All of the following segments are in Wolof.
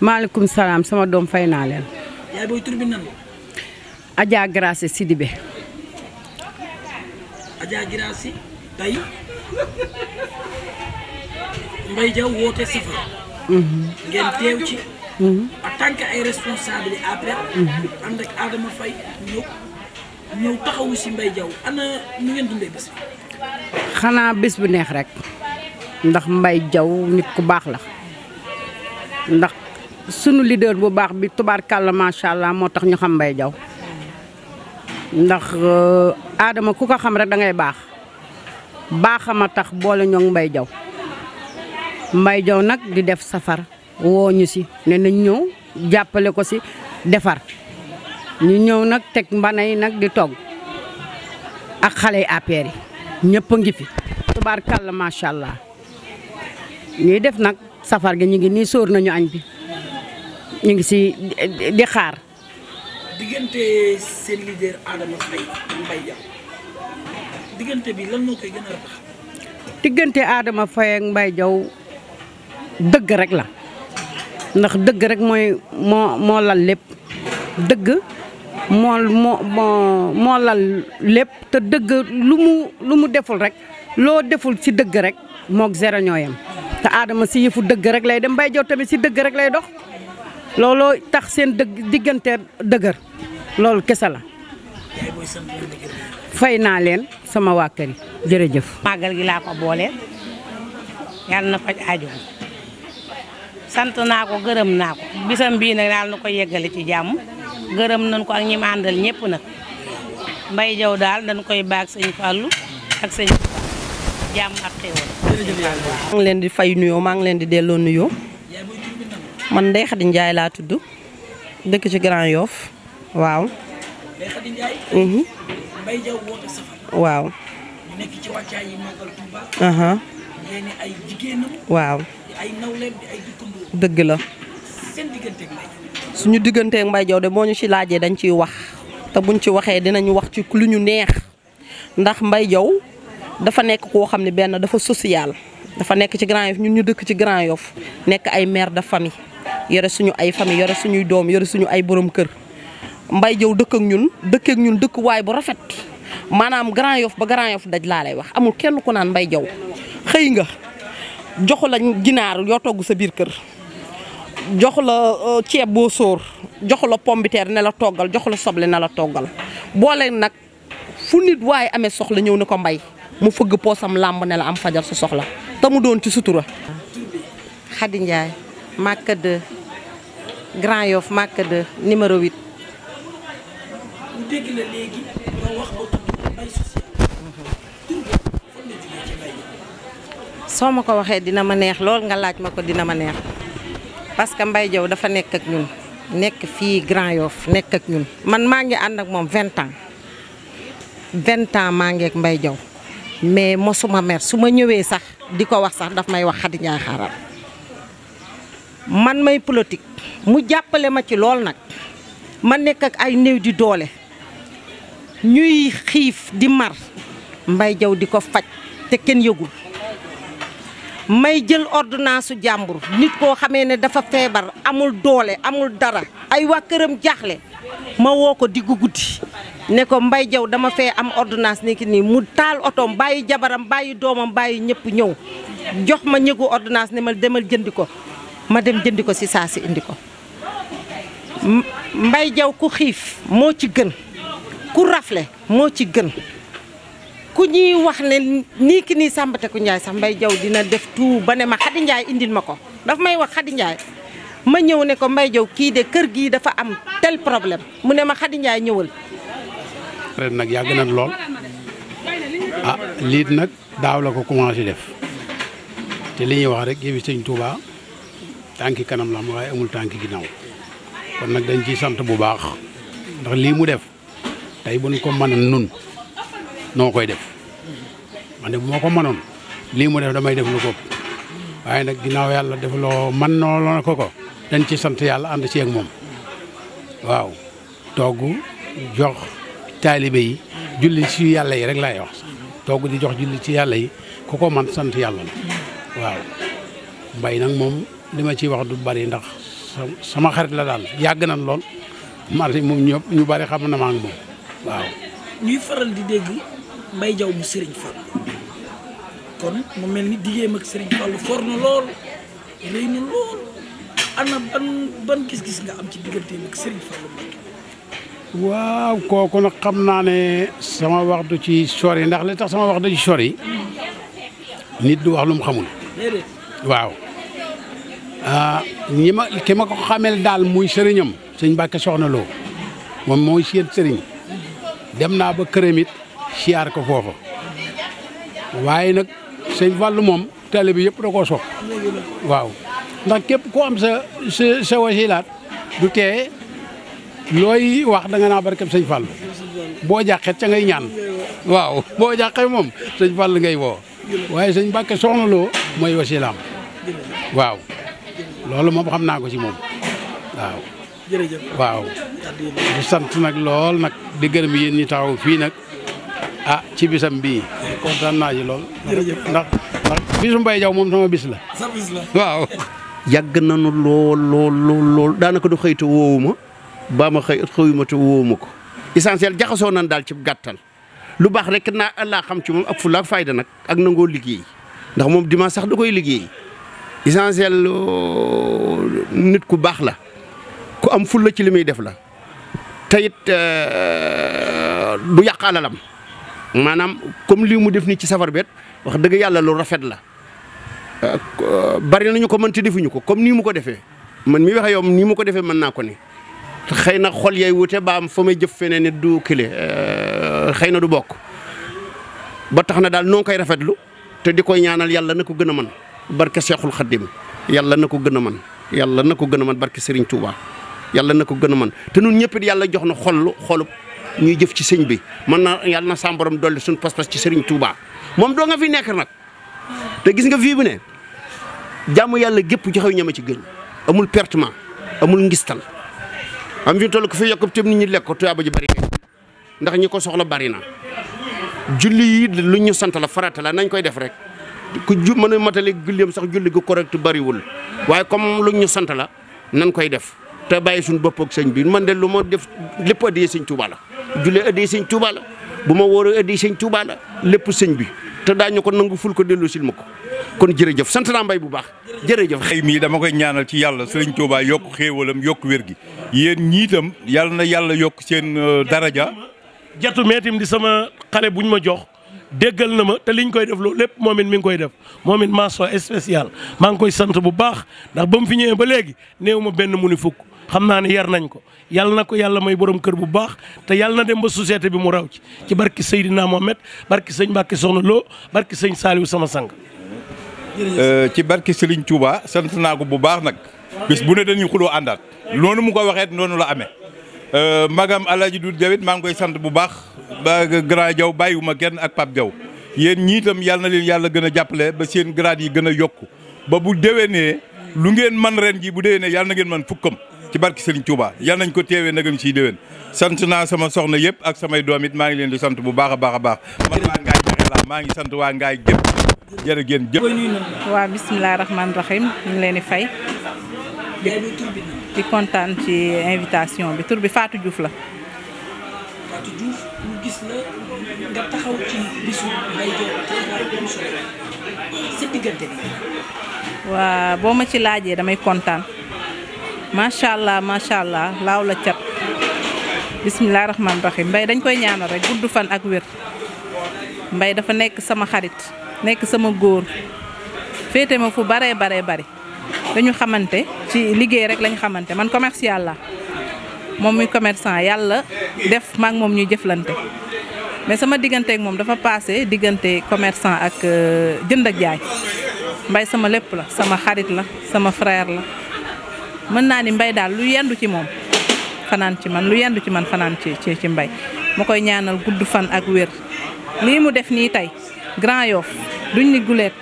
maaleykum salaam sama doom fay naa leen. yaay booy tur bi nan la. Adja Grace Sidibé. Adja Grace tey mhm. ngeen teew ci. Mhm. en tant ay responsable après. Mhm. ànd ak Adama Faye ñëw taxawu si Mbaye Diaw ana nu ngeen dundee bés bi. xanaa bés bu neex rek ndax mbay Diaw nit ku baax la ndax. sunu leader bu baax bi kàll macha allah moo tax ñu xam mbay jaw ndax aadama euh, ku ko xam rek da ngay baax baaxam a tax boole ñoog Mbaye Diaw Mbaye Diaw nag di def safar woo ñu si ne nañ ñëw jàppale ko si defar ñu ñëw nag teg mbana yi nag di togg ak xale yi APR yi ñëpp a ngi fi. kàll macha allah ñuy def nag safar gi ñu ngi nii sóor nañu añ bi. ñu ngi si di xaar. diggante seen leader Adama Faye Mbaye Diaw diggante bi dëgg rek la ndax dëgg rek mooy moo moo lal lépp dëgg moo moo moo lal lépp te dëgg lu mu lu mu deful rek loo deful si dëgg rek mook zéro ñooyam te Adama si yëfu dëgg rek lay dem Mbaye Diaw tamit si dëgg rek lay dox. looloo tax seen dëgg diggante dëgër loolu kese la fay naa leen sama waa kër yi jërëjëf. màggal gi laa ko boole yàlla na faj aajoom sant naa ko gërëm naa ko bisam bii nag daal na ko yeggale ci jàmm gërëm nañ ko ak ñi ma àndal nag mbay jaw daal dañ koy baag sëñ Fallou ak sëñ jàmm ak xéwal. maa ngi leen di fay nuyoo maa ngi leen di delloo nuyoo. man Ndeye Khady Ndiaye laa tudd dëkk ci Grand Yoff waaw. Ndeye Khady mhm. dëgg la. seen digganteeg Mbaye. suñu digganteeg Mbaye de boo ñu ci laajee dañ ciy wax te buñ ci waxee dinañu wax ci lu ñu neex ndax Mbaye Diaw dafa nekk koo xam ne benn dafa social dafa nekk ci Grand Yoff ñun ñu dëkk ci Grand Yoff nekk ay mère de famille. yore suñu ay famille yore suñuy doom yore suñu ay boroom kër mbay jëw dëkk ak ñun dëkk ak ñun dëkkuwaay bu rafet maanaam Grand Yoff ba Grand Yoff daj laa lay wax amul kenn ku naan mbay jëw xëy nga joxu la ginaar yoo togg sa biir kër joxu la euh, ceeb boo sóor joxu la pombiteer ne la toggal joxu la soble ne la toggal boole nag fu nit waaye amee soxla ñëw ne ko mbay mu fëgg poosam làmb ne la am fajar sa soxla te mu doon ci sutura Khady Ndiaye Maka Grand Yoff Maka 2 numéro 8. ñu soo ma ko waxee dina ma neex lool nga laaj ma ko dina ma neex parce que Mbaye dafa nekk ak ñun nekk fii Grand Yoff nekk ak ñun man maa ngi ànd ak moom vingt ans 20 ans maa ngi ak Mbaye Diaw mais mosuma mer su ma ñëwee sax di ko wax sax daf may wax Xadi Njaay man may politique mu jàppale ma ci lool nag ma nekk ak ay néew di doole ñuy xiif di mar mbay jaw di ko faj te kenn yëgul may jël ordonnance su jàmbur nit koo xamee ne dafa feebar amul doole amul dara ay waa këram jaaxle ma woo ko diggu guddi ne ko mbay jaw dama fee am ordonnance ni ki nii mu taal otoom bàyyi jabaram bàyyi doomam bàyyi ñëpp ñëw jox ma ñëgu ordonnance ne ma demal jëndi ko ma dem jëndi ko si saa si indi ko mbay jaw ku xiif moo ci gën ku rafle moo ci gën ku ñuy wax ne nii ki nii sàmbate ku njaay sax mbay jaw dina def tout ba ne ma xadi njaay indil ma ko daf may wax xadi njaay ma ñëw ne ko mbay jaw kii de kër gii dafa am tel problème mu ne ma xadi njaay ñëwal ren nag yàgg na lool ah liit nag daaw la ko commencé def te li ñuy wax rek yëfi sëñ Touba tànki kanam la am waaye amul tànki ginnaaw kon nag dañ ci sant bu baax ndax lii mu def tey buñ ko mënoon nun noo koy def man de bu ma ko mënoon lii mu def damay def lu ko waaye nag ginnaaw yàlla def loo man noo ko ko dañ ci sant yàlla ànd ci ak moom waaw togg jox taalibe yi julli ci yàlla yi rek laa wax togg di jox julli ci yàlla yi ku ko man sant yàlla la waaw mbay nag moom li ma ciy wax du bari ndax sama xarit la daal yàgg nañ lool Martin moom ñëpp ñu bari xam na maa waaw. ñuy faral di dégg Mbaye jaw mu Serigne Fallou kon mu mel ni diggéem ak Serigne Fallou for na lool rëy na lool ana ban ban gis-gis nga am ci digganteem ak Serigne Fallou Mbacké. waaw kooku nag xam naa ne sama wax du ci sori ndax li tax sama wax du ci sori mm-hmm. nit du wax lu mu xamul. waaw. Euh, ñi ma ki ma ko xamel daal muy sëriñam sëñ Mbàkke Soxna Lo moom mooy seen sëriñ dem naa ba këram it siyaar ko foofa waaye nag sëñ Fallu moom tali bi yëpp da koo sopp waaw ndax képp ko am sa sa sa du tee looy wax da nga naa barkeb sëñ Fallu boo jàqet ca ngay ñaan waaw boo jàqee moom sëñ Fallu ngay woo waaye sëñ Mbàkke Soxna Lo mooy wasilaam waaw loolu moom xam naa ko ci moom waaw. jërëjëf waaw. sant nag lool nag di gërëm yéen ñi taxaw fii nag ah ci bisam bii kontaan naa lool. jërëjëf ndax ndax bisu Mbaye moom sama bis la. sa bis la waaw. yàgg nañu lool lool daanaka du xëy te woowu baa ma xëy xëyuma te woowu ma ko. essentiel jaxasoo nañ daal cib gàttal lu baax rek naa laa xam ci moom ak fulla ak fayda nag ak nangoo liggéey ndax moom dimanche sax da koy liggéey. essentiel euh, nit ku baax la ku am fulla ci li muy def la te it euh, du yàq alalam maanaam comme lii mu def nii ci safar bet wax dëgg yàlla lu rafet la euh, bari nañu ko mën te defuñu ko comme nii mu ko defee man mi waxe yow nii mu ko defee mën naa ko ni xëy na xol yeey wute ba am fa may jëf feneen nit du kile xëy na du bokk ba tax na daal noo ngi koy rafetlu te di koy ñaanal yàlla na ko gën a mën barke Seexul Xaddim yàlla na ko gën a man yàlla na ko gën a man barke Serigne Touba yàlla na ko gën a man te nun ñëpp it yàlla jox na xol xolub ñuy jëf ci sëñ bi man na yàlla na sam borom dolli suñu pas ci Serigne Touba moom doo nga fi nekk nag te gis nga fii bu ne jàmm yàlla gépp joxew ñama ci gën amul pertement amul ngistal am fi toll ko fi yokk tam nit ñi lekk ko a ji bari ndax ñi ko soxla bari na julli yi lu ñu sant la farata la nañ koy def rek ku ju mën a matale julleem sax julli gu correct bariwul waaye comme lu ñu sant la nan koy def te bàyyi suñu bopp sëñ bi man de lu ma def lépp addiyee sëñ Tuuba la jullee addiyee sëñ Tuuba bu ma wóoree addiyee sëñ Tuuba lépp sëñ bi te daañu ko nangu ful ko dellu sil ma ko kon jërëjëf sant naa mbay bu baax jërëjëf xëy mii dama koy ñaanal ci yàlla sëriñ Tuubaa yokk xéewalam yokk wér gi yéen ñiitam yàlla na yàlla yokk seen euh, daraja jatu meetim di sama xale buñ ma jox déggal na ma te liñ koy def loolu lépp moom it mi ngi koy def moom it espécial spéciale maa ngi koy sant bu baax ndax ba mu fi ñëwee ba léegi néew ma benn mu ni fukk xam naa ne yar nañ ko yàlla na ko yàlla may borom kër bu baax te yàlla na dem ba société bi mu raw ci ci barki naa Seydina Mohamed barki sëñ Mbàkke Soxna loo barki sëñ Saaliw sama sang euh, ci barki Serigne Touba sant naa ko bu baax nag bis bu ne dañuy xuloo àndaat loolu mu ko waxee noonu la amee Euh, magam Alaaji Dudu Jawit maa ngi koy sant bu baax ba grand Jaw bàyyiwuma kenn ak Pape Jaw yéen ñii itam na leen yàlla gën a jàppale ba seen grade yi gën a yokku ba bu déwénee lu ngeen man ren ji bu déwénee yàlla na ngeen man fukkam ci barki seen Touba yàlla nañ ko teewee nagam siy déwén sant naa sama soxna yëpp ak samay doomit maa ngi leen di sant bu baax a baax a baax man waa Ngaye Jaxe laa maa ngi sant waa Ngaye gépp jërë ngeen jëf waaw bisimilah rahmaani rahim ñu ngi fay ci kontaan ci invitation bi tur bi faatu juuf la. Fatou gis nga taxaw ci diggante waa boo ma ci laajee damay kontaan macha allah macha allah laaw la cat bisimilah rahmaani rahiim mbay dañ koy ñaanal rek gudd fan ak wér mbay dafa nekk sama xarit nekk sama góor féete ma fu baree baree bari. dañu xamante ci liggéey rek lañ xamante man commercial la moom muy commerçant yàlla def maak moom ñuy jëflante mais sama diggante ak moom dafa paase diggante commerçant ak euh, jënd ak jaay mbay sama lépp la sama xarit la sama frère la mën naa ni mbay daal lu yendu ci moom fanaan ci man lu yendu ci man fanaan ci ci ci mbay moo koy ñaanal gudd fan ak wér lii mu def nii tey Grand Yoff duñ ni guleet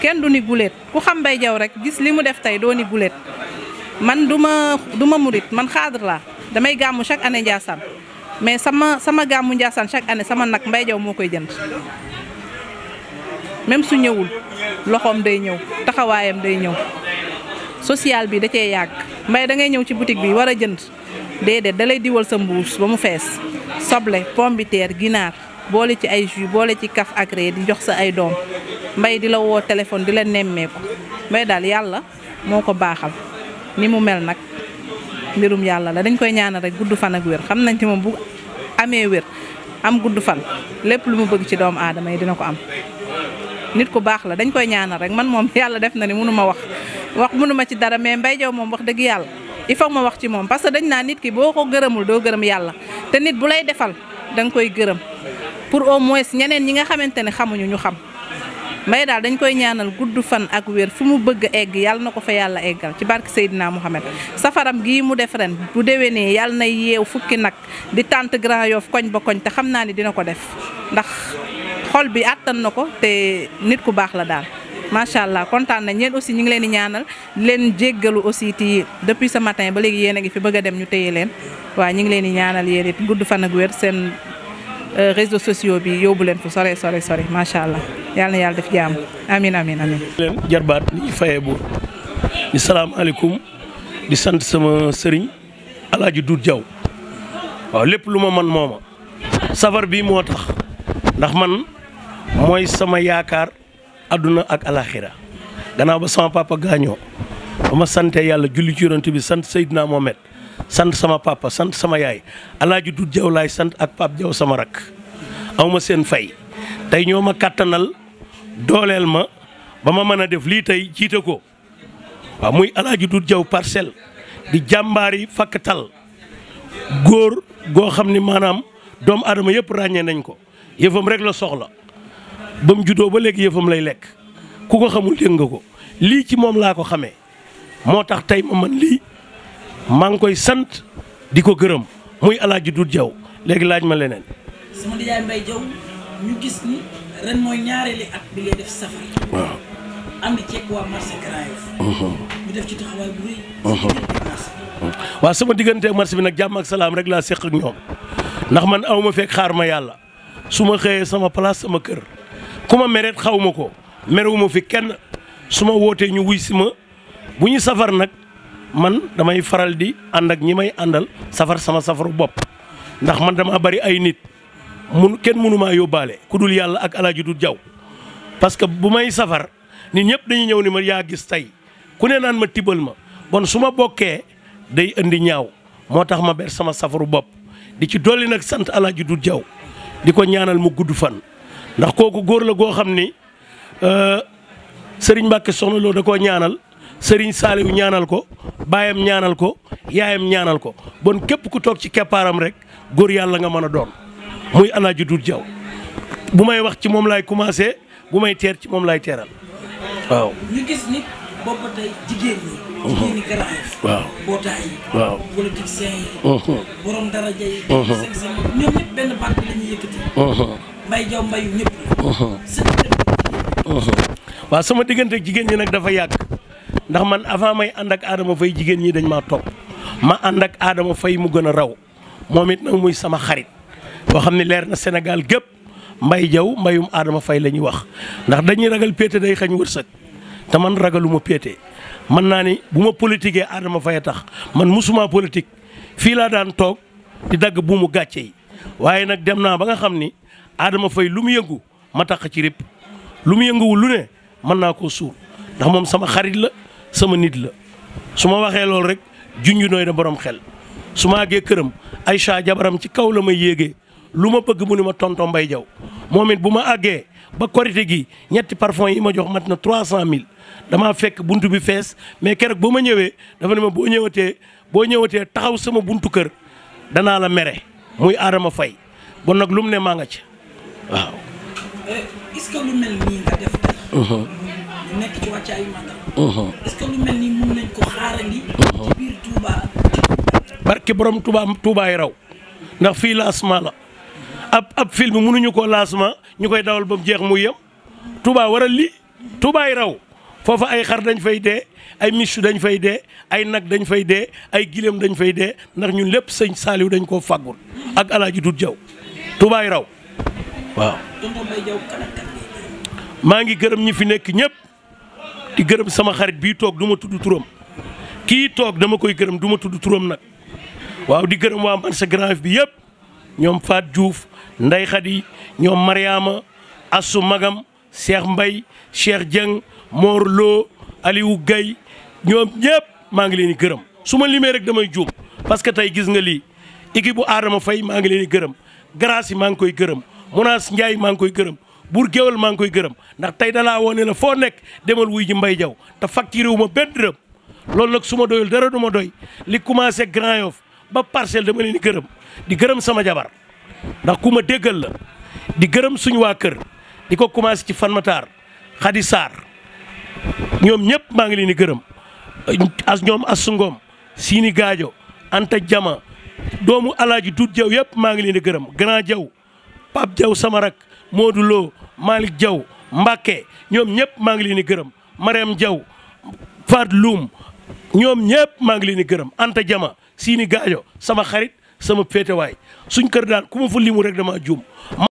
kenn du ni guléet ku xam mbay Diaw rek gis li mu def tey doo ni guléet man du ma du ma murit man xaadar laa damay gàmmu chaque année Ndiassane mais sama sama gàmmu Ndiassane chaque année sama nag Mbaye Diaw moo koy jënd même su ñëwul loxoom day ñëw taxawaayam day ñëw social bi da cee yàgg mbay da ngay ñëw ci boutique bi war a jënd déedéet da lay diwal sa mbuus ba mu fees soble pomme de ginaar boole ci ay jus boole ci kaf ak ree di jox sa ay doom mbay di la woo téléphone di la nemmeeku mbay daal yàlla moo ko baaxal ni mu mel nag mbirum yàlla la dañ koy ñaanal rek gudd fan ak wér xam nañ ci moom bu amee wér am gudd fan lépp lu mu bëgg ci doomu aadama yi dina ko am nit ku baax la dañ koy ñaanal rek man moom yàlla def na ni mënu ma wax wax mënu ma ci dara mais Mbaye Diaw moom wax dëgg yàlla il faut ma wax ci moom parce que dañ naa nit ki boo ko gërëmul doo gërëm yàlla te nit bu lay defal danga koy gërëm pour au moins ñeneen ñi nga xamante ne xamuñu ñu xam may daal dañ koy ñaanal gudd fan ak wér fu mu bëgg egg yàlla na ko fa yàlla eggal ci barke Seydina Mohamed safaram gii mu def ren bu déwénee yàlla na yeew fukki nag di tànt Grand Yoff koñ ba koñ te xam naa ni dina ko def ndax xol bi àttan na ko te nit ku baax la daal macha allah kontaan na ñeen aussi ñu ngi leen di ñaanal leen jéggalu aussi ti depuis ce matin ba léegi yéen a ngi fi bëgg dem ñu téye leen waaw ñu ngi leen di ñaanal yéen gudd fan ak wér seen Euh, réseaux sociaux bi yóbbu leen fu sore sore sore macha allah yal na yàlla def jàmm amin amin amin leen jarbaat ni fayee buur di salaamaaleykum di sant sama sëriñ alaaji du Jaw waaw lépp lu ma man mooma safar bi moo tax ndax man mooy sama yaakaar àdduna ak alaxira gannaaw ba sama papa gaañoo ba ma sante yàlla julli ci yonent bi sant Seydina Mohamed sant sama papa sant sama yaay alaaji dut jaw laay sant ak pap jaw sama rak awma seen fay tey ñoo ma kàttanal dooleel ma ba ma mën a def lii tey jiite ko waaw muy alaaji dut jaw parcelle di jàmbaari fakkatal góor goo xam ni maanaam doom aadama yëpp ràññee nañ ko yëfam rek la soxla ba mu juddoo ba léegi yëfam lay lekk ku ko xamul dégg nga ko lii ci moom laa ko xamee moo tax tey ma man lii maa ngi koy sant di ko gërëm muy alaaj Dut Jaw léegi laaj ma leneen. sama nijaay Mbay Jaw ñu gis ni ren mooy ñaareeli at bi ngay def safar. waaw ànd ceeg waa marché Grand Yoff. Mhm. ñu mhm. sama diggante ak bi nag jàmm ak salaam rek laa seq ak ñoom ndax man aw ma fekk xaar ma yàlla su ma xëyee sama place sama kër ku ma meret xaw ma ko merewuma fi kenn su ma wootee ñu wuy si ma bu ñu safar nag. man damay faral di ànd ak ñi may àndal safar sama safaru bopp ndax man dama bari ay nit mun kenn mënumaa yóbbaale ku dul yàlla ak alaaji du jaw parce que bu may safar nit ñëpp dañuy ñëw ni ma yaa gis tey ku ne naan ma tibal ma bon su ma bokkee day indi ñaaw moo tax ma ber sama safaru bopp di ci dolli nag sant alaaji du jaw di ko ñaanal mu gudd fan ndax kooku góor la goo xam ni euh, sëriñ Mbàkke soxna loo da koo ñaanal sëriñ Saaliw ñaanal ko baayam ñaanal ko yaayam ñaanal ko bon képp ku toog ci keppaaram rek góor yàlla nga mën a doon muy Alaaji Duut Jaw bu may wax ci moom laay commencé bu may teer ci moom laay teeral waaw. ñu gis ni boobu jigéen ñi. jigéen benn baat bi la ñuy sama diggante jigéen ñi nag dafa yàgg. ndax man avant may ànd ak Adama fay jigéen ñi dañ maa toog ma ànd ak aadama fay mu gën a raw moom it nag muy sama xarit boo xam ne leer na Sénégal gépp mbay jaw mbayum Adama fay la ñuy wax ndax dañuy ragal péete day xañ wërsëg te man ragaluma péete mën naa ni bu ma politiquee Adama Faye tax man musuma politique fii laa daan toog di dagg bu mu gàcce yi waaye nag dem naa ba nga xam ni aadama fay lu mu yëngu ma tax ci rip lu mu yënguwul lu ne mën naa koo suur ndax moom sama xarit la sama nit la su ma waxee loolu rek junj nooy na borom xel su ma àggee këram ay Aïcha jabaram ci kaw la may yéege lu ma bëgg mu ni ma tonton Mbaye Diaw moom it bu ma àggee ba korite gi ñetti parfum yi ma jox mat na trois cent mille damaa fekk bunt bi fees mais keroog ba ma ñëwee dafa ne ma boo ñëwatee boo ñëwatee taxaw sama buntu kër danaa la mere muy Adama fay bon nag lu ne maa nga ci waaw. Eh, Uh-huh. est que boroom mel uh-huh. tuubaay raw ndax fii lancement la ab ab film mënuñu ko lancement ñu koy dawal ba mu jeex mu yem Touba waral lii Touba yi raw foofu ay xar dañ fay dee ay michu dañ fay dee ay nag dañ fay dee ay gileem dañ fay dee ndax ñu lépp sëñ Saaliw dañ koo fàggul ak alaaji dut jaw Touba yi raw maa ngi gërëm ñi fi nekk ñëpp. di gërëm sama xarit bii toog duma tudd turam kii toog dama koy gërëm du ma tudd turam nag waaw di gërëm waa man sa grand bi yëpp ñoom Fat Diouf Ndey Xadi ñoom Mariama Assou Magam Cheikh Mbay Cheikh Dieng Mor Lo Aliou ñoom ñëpp maa ngi leen di gërëm su ma limee rek damay juum parce que tey gis nga lii i bu Adama Faye maa ngi leen di gërëm Grâce yi maa ngi koy gërëm Mounas Ndiaye maa ngi koy gërëm buur géwal maa ngi koy gërëm ndax tey dalaa woone la foo nekk demal wuy ji mbay jaw te facturé wu ma benn dërëm loolu nag su ma doyul dara duma doy li commencé Grand Yoff ba parcelle dama leen di gërëm di gërëm sama jabar ndax ku ma déggal la di gërëm suñu waa kër di ko commencé ci Fan Matar Khady Sarr ñoom ñëpp maa ngi leen di gërëm as ñoom Assou Ngom Sini Gaajo Anta Jama doomu alaaji Dut Jaw yëpp maa ngi leen di gërëm Grand Jaw Pape Jaw sama rak Modou Lo Malick Diaw Mbacke ñoom ñëpp maa ngi leen di gërëm Marème Diaw faat Loum ñoom ñëpp maa ngi leen di gërëm Anta Jama siini Gaajo sama xarit sama féetewaay suñ kër daal ku ma fa limu rek dama juum